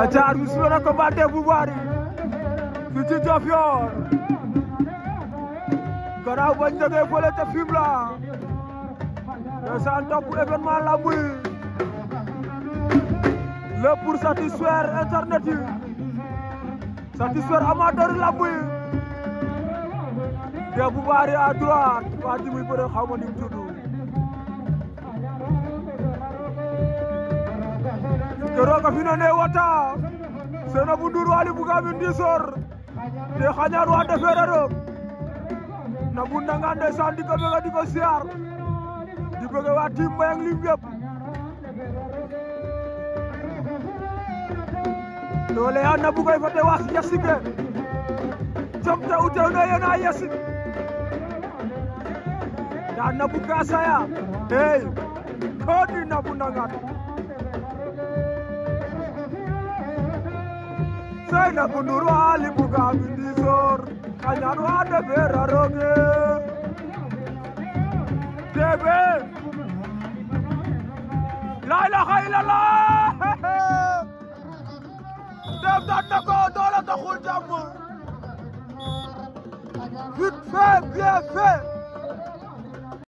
aca arbitre sifflé na combat bu Boury fii ci Diofior gannaaw bañ jógee fële ca Fimela ndeysaan topp événement lamb yi le pour satisfaire internet yi satisfaire amateur lamb bu Boury à droite waa ji muy bëre xaw ma ni Doroka ne wata sena wali buka bugamin disor de xañaru ande ferero na bunda ngande sandi ko bega diko siar di bega wati tim bayang lim yep ya na buka bugay te wax yasike jamta utew na yana yasik dan na buka saya hey kodi na bunda ngande Seyna Kunduuru Ali Buga Bindisoor Kañaanu Ande Beera Roge Debe Laa ilaaha illallaah Def daan na ko doole taxul jàmm Vite fait, bien fait